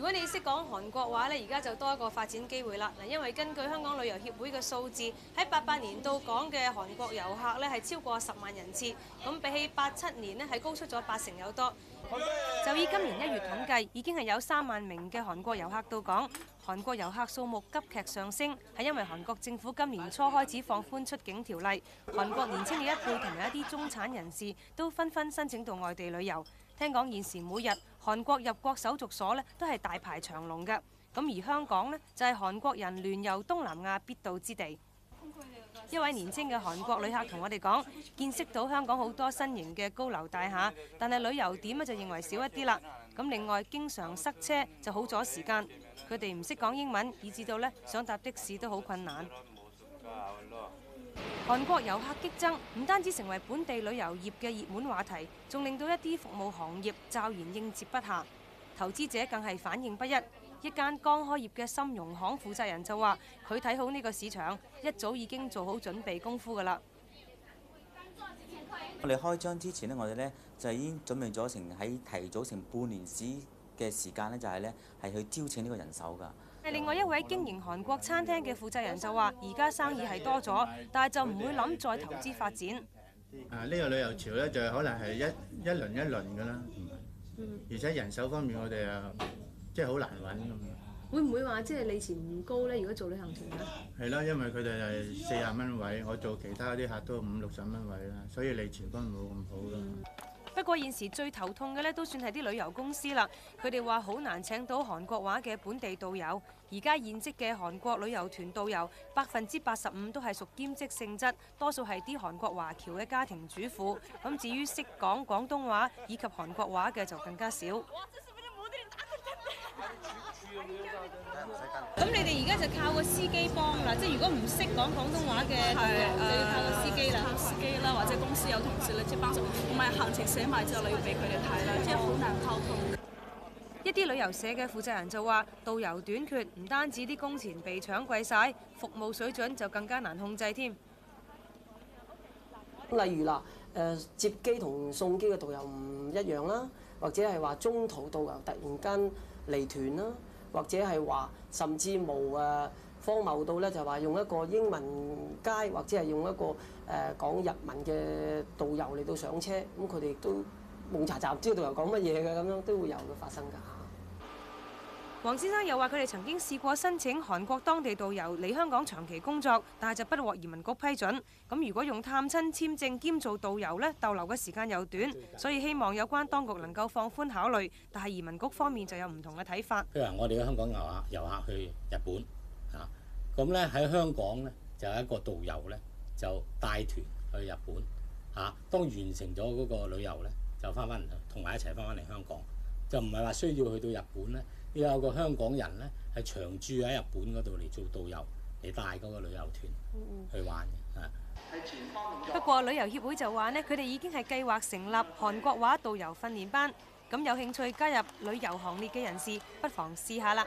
如果你識講韓國話呢，而家就多一個發展機會啦！嗱，因為根據香港旅遊協會嘅數字，喺八八年到港嘅韓國遊客呢係超過十萬人次，咁比起八七年呢，係高出咗八成有多。就以今年一月統計，已經係有三萬名嘅韓國遊客到港。韓國遊客數目急劇上升，係因為韓國政府今年初開始放寬出境條例，韓國年青嘅一輩同埋一啲中產人士都紛紛申請到外地旅遊。聽講現時每日韓國入國手續所呢都係大排長龍嘅，咁而香港呢，就係韓國人旅遊東南亞必到之地。一位年青嘅韓國旅客同我哋講，見識到香港好多新型嘅高樓大廈，但係旅遊點呢就認為少一啲啦。咁另外經常塞車就好阻時間，佢哋唔識講英文，以至到呢，想搭的士都好困難。韓國遊客激增，唔單止成為本地旅遊業嘅熱門話題，仲令到一啲服務行業驟然應接不暇。投資者更係反應不一。一間剛開業嘅金融行負責人就話：佢睇好呢個市場，一早已經做好準備功夫噶啦。我哋開張之前呢，我哋呢就係已經準備咗成喺提早成半年時嘅時間，就是、呢，就係呢係去招請呢個人手噶。另外一位經營韓國餐廳嘅負責人就話：而家生意係多咗，但係就唔會諗再投資發展。誒、啊，呢個旅遊潮咧就可能係一一輪一輪噶啦，而且人手方面我哋啊，即係好難揾。會唔會話即係利錢唔高咧？如果做旅行團咧？係啦，因為佢哋係四十蚊位，我做其他啲客都五六十蚊位啦，所以利錢都冇咁好咯。嗯不過現時最頭痛嘅咧，都算係啲旅遊公司啦。佢哋話好難請到韓國話嘅本地導遊。而家現職嘅韓國旅遊團導遊百分之八十五都係屬兼職性質，多數係啲韓國華僑嘅家庭主婦。咁至於識講廣東話以及韓國話嘅就更加少。咁你哋而家就靠個司機幫啦。即係如果唔識講廣東話嘅，係呃即公司有同事嚟接班，唔係行程寫埋之後，你要俾佢哋睇啦，即係好難溝通。一啲旅遊社嘅負責人就話，導遊短缺，唔單止啲工錢被搶貴晒，服務水準就更加難控制添。例如啦，誒接機同送機嘅導遊唔一樣啦，或者係話中途導遊突然間離團啦，或者係話甚至冇誒。荒謬到咧，就話用一個英文街，或者係用一個誒講日文嘅導遊嚟到上車他們，咁佢哋都懵查查，唔知道導遊講乜嘢嘅咁樣都會有嘅發生㗎。黃先生又話：佢哋曾經試過申請韓國當地導遊嚟香港長期工作，但係就不獲移民局批准。咁如果用探親簽證兼做導遊呢，逗留嘅時間又短，所以希望有關當局能夠放寬考慮。但係移民局方面就有唔同嘅睇法。譬如我哋香港遊客遊客去日本。咁咧喺香港咧就有一個導遊咧就帶團去日本嚇，當完成咗嗰個旅遊咧就翻返嚟同埋一齊翻返嚟香港，就唔係話需要去到日本咧要有個香港人咧係長住喺日本嗰度嚟做導遊嚟帶嗰個旅遊團去玩嘅嚇。不過旅遊協會就話咧佢哋已經係計劃成立韓國話導遊訓練班，咁有興趣加入旅遊行列嘅人士不妨試下啦。